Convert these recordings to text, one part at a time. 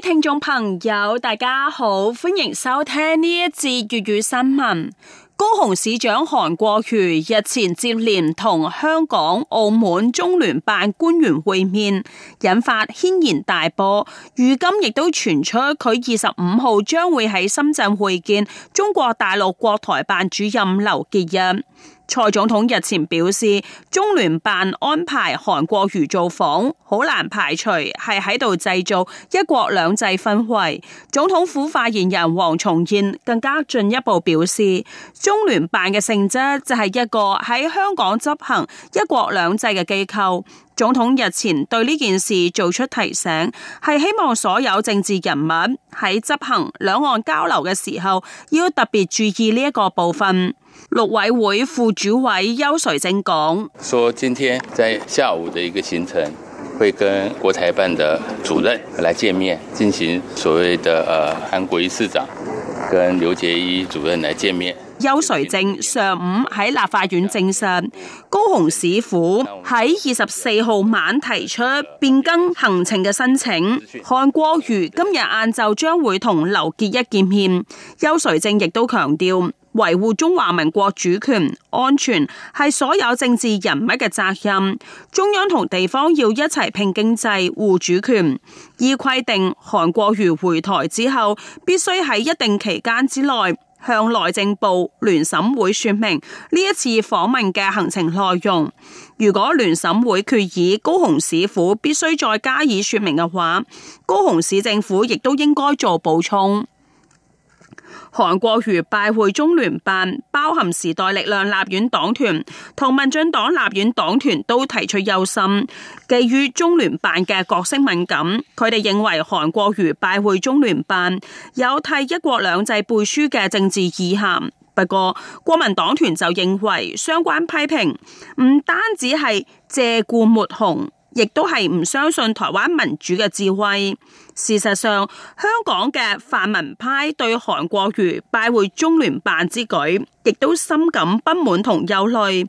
聽眾朋友，大家好，歡迎收聽呢一節粵語新聞。高雄市長韓國瑜日前接連同香港、澳門中聯辦官員會面，引發軒然大波。如今亦都傳出佢二十五號將會喺深圳會見中國大陸國台辦主任劉結一。蔡總統日前表示，中聯辦安排韓國瑜造訪，好難排除係喺度製造一國兩制氛圍。總統府發言人黃重賢更加進一步表示，中聯辦嘅性質就係一個喺香港執行一國兩制嘅機構。總統日前對呢件事做出提醒，係希望所有政治人物喺執行兩岸交流嘅時候，要特別注意呢一個部分。六委會副主委邱瑞正講，說今天在下午的一個行程，會跟國台辦的主任來見面，進行所謂的，呃，韓國瑜市長跟劉結一主任來見面。邱瑞正上午喺立法院證實，高雄市府喺二十四號晚提出變更行程嘅申請。韓國瑜今日晏晝將會同劉結一見面。邱瑞正亦都強調，維護中華民國主權安全係所有政治人物嘅責任，中央同地方要一齊拼經濟護主權。依規定，韓國瑜回台之後，必須喺一定期間之內向內政部聯審會說明呢一次訪問嘅行程內容。如果聯審會決議高雄市府必須再加以說明嘅話，高雄市政府亦都應該做補充。韓國瑜拜會中聯辦，包含時代力量立院黨團同民進黨立院黨團都提出憂心，基於中聯辦嘅角色敏感。佢哋認為韓國瑜拜會中聯辦有替一國兩制背書嘅政治意涵。不過，國民黨團就認為相關批評唔單止係借故抹紅。亦都係唔相信台灣民主嘅智慧。事實上，香港嘅泛民派對韓國瑜拜會中聯辦之舉，亦都深感不滿同憂慮。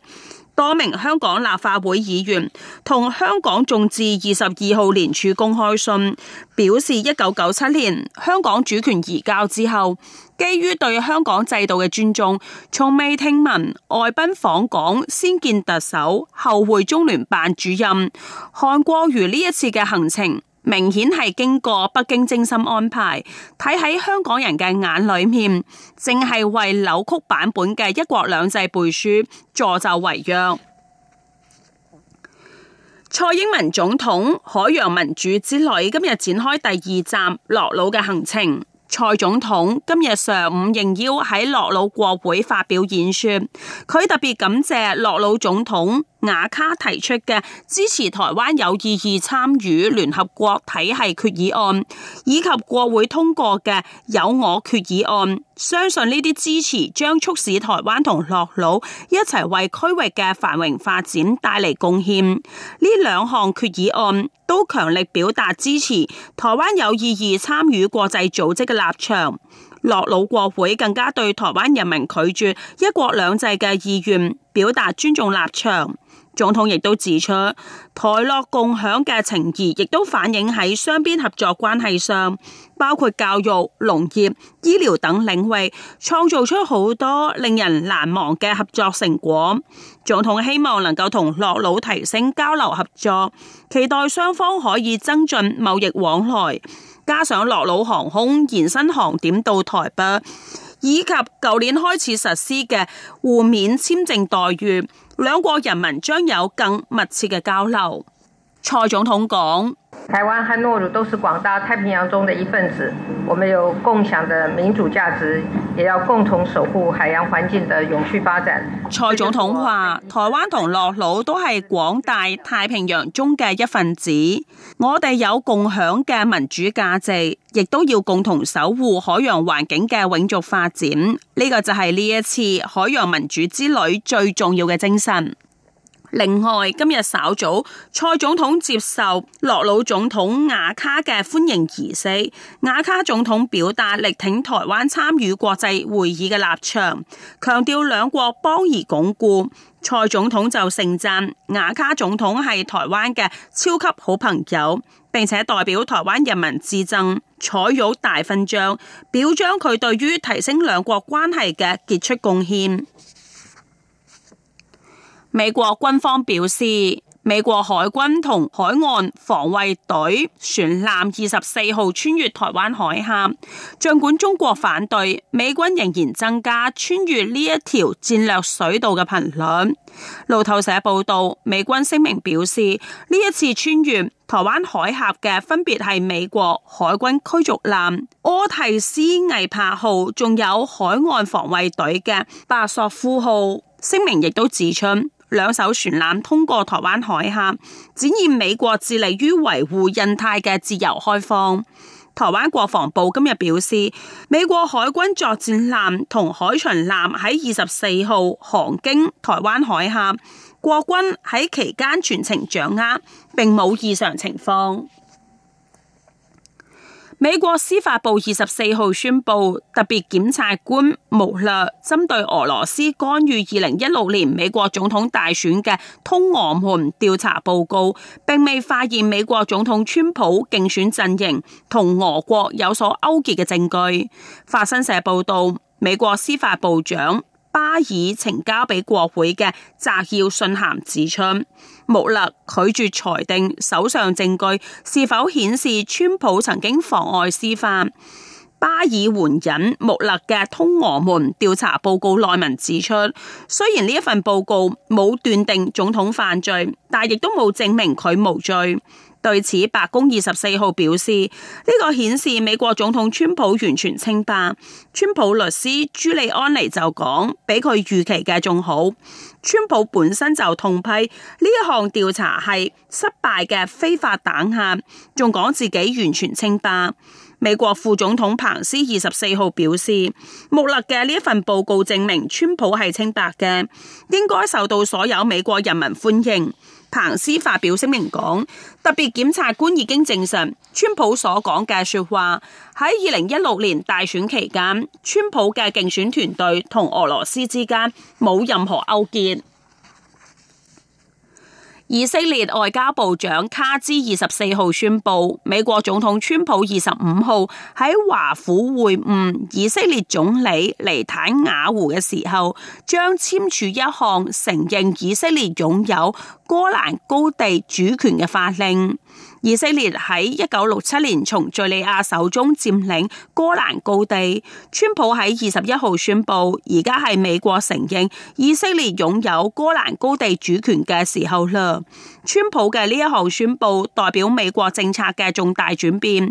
多名香港立法會議員同香港眾志二十二號聯署公開信表示，一九九七年香港主權移交之後，基於對香港制度嘅尊重，從未聽聞外賓訪港先見特首，後會中聯辦主任，韓國瑜呢一次嘅行程，明顯係經過北京精心安排，睇喺香港人嘅眼裏面，淨係為扭曲版本嘅一國兩制背書，助紂為虐。 蔡英文總統海洋民主之旅今日展開第二站諾魯嘅行程，蔡總統今日上午應邀喺諾魯國會發表演說，佢特別感謝諾魯總統。雅卡提出嘅支持台灣有意義參與聯合國體系決議案，以及國會通過嘅有我決議案，相信呢啲支持將促使台灣同諾魯一齊為區域嘅繁榮發展帶嚟貢獻。呢兩項決議案都強力表達支持台灣有意義參與國際組織嘅立場。諾魯國會更加對台灣人民拒絕一國兩制嘅意願表達尊重立場。總統亦都指出，台諾共享嘅情誼亦都反映喺雙邊合作關係上，包括教育、農業、醫療等領域，創造出好多令人難忘嘅合作成果。總統希望能夠同諾魯提升交流合作，期待雙方可以增進貿易往來，加上諾魯航空延伸航點到台北，以及舊年開始實施嘅互免簽證待遇。兩國人民將有更密切嘅交流。蔡總統講：台灣和諾魯都是廣大太平洋中的一份子，我們有共享的民主價值，也要共同守護海洋環境的永續發展。蔡總統話：台灣同諾魯都係廣大太平洋中嘅一份子，我哋有共享嘅民主價值，亦都要共同守護海洋環境嘅永續發展。呢個就係呢一次海洋民主之旅最重要嘅精神。另外，今日稍早，蔡總統接受諾魯總統雅卡嘅歡迎儀式，雅卡總統表達力挺台灣參與國際會議嘅立場，強調兩國邦誼鞏固。蔡總統就盛讚雅卡總統係台灣嘅超級好朋友，並且代表台灣人民致贈采玉大勳章，表彰佢對於提升兩國關係嘅傑出貢獻。美國軍方表示，美國海軍同海岸防衛隊船艦二十四號穿越台灣海峽，盡管中國反對，美軍仍然增加穿越呢一條戰略水道嘅頻率。路透社報道，美軍聲明表示，呢一次穿越台灣海峽嘅分別係美國海軍驅逐艦柯提斯威帕號，仲有海岸防衛隊嘅巴索夫號。聲明亦都指出，兩艘船艦通過台灣海峽，展現美國致力於維護印太嘅自由開放。台灣國防部今日表示，美國海軍作戰艦同海巡艦喺二十四號航經台灣海峽，國軍喺期間全程掌握，並冇異常情況。美國司法部二十四號宣布，特別檢察官穆勒針對俄羅斯干預二零一六年美國總統大選嘅通俄門調查報告，並未發現美國總統川普競選陣營同俄國有所勾結嘅證據。法新社報道，美國司法部長巴爾呈交俾國會嘅摘要信函指出。穆勒拒絕裁定，手上證據是否顯示川普曾經妨礙司法。巴爾援引穆勒嘅通俄門調查報告內文指出，雖然呢一份報告冇斷定總統犯罪，但亦都冇證明佢無罪。對此，白宮二十四號表示，呢個顯示美國總統川普完全清白。川普律師朱利安尼就講，比佢預期嘅仲好。川普本身就痛批呢一項調查係失敗嘅非法打壓，仲講自己完全清白。美國副總統彭斯二十四號表示，穆勒嘅呢一份報告證明川普係清白嘅，應該受到所有美國人民歡迎。彭斯發表聲明講，特別檢察官已經證實川普所講嘅說話，喺二零一六年大選期間，川普嘅競選團隊同俄羅斯之間冇任何勾結。以色列外交部長卡茲二十四號宣布，美國總統川普二十五號喺華府會晤以色列總理尼坦雅胡嘅時候，將簽署一項承認以色列擁有戈蘭高地主權嘅法令。以色列喺一九六七年從敘利亞手中佔領戈蘭高地。川普喺二十一號宣佈，而家係美國承認以色列擁有戈蘭高地主權嘅時候啦。川普嘅呢一項宣佈代表美國政策嘅重大轉變，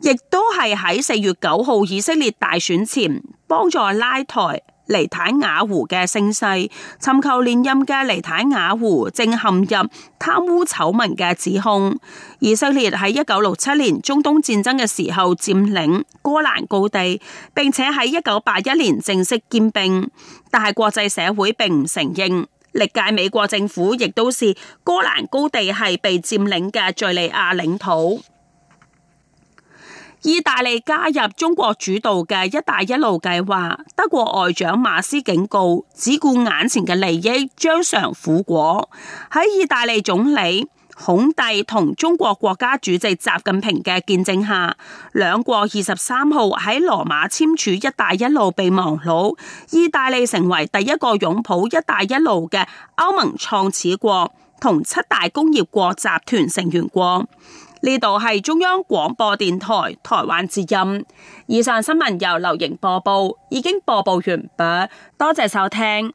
亦都係喺四月九號以色列大選前幫助拉抬，尼坦雅湖嘅聲勢，尋求連任嘅尼坦雅湖正陷入貪污醜聞嘅指控。以色列喺一九六七年中東戰爭嘅時候佔領戈蘭高地，並且喺一九八一年正式兼併，但係國際社會並唔承認。歷屆美國政府亦都是戈蘭高地係被佔領嘅敘利亞領土。意大利加入中國主導嘅“一帶一路”計劃，德國外長馬斯警告：只顧眼前嘅利益，將嘗苦果。喺意大利總理孔蒂同中國國家主席習近平嘅見證下，兩國二十三號喺羅馬簽署“一帶一路”備忘錄。意大利成為第一個擁抱“一帶一路”嘅歐盟創始國同七大工業國集團成員國。呢度係中央廣播電台台灣之音。以上新聞由劉瑩播報，已經播報完畢，多謝收聽。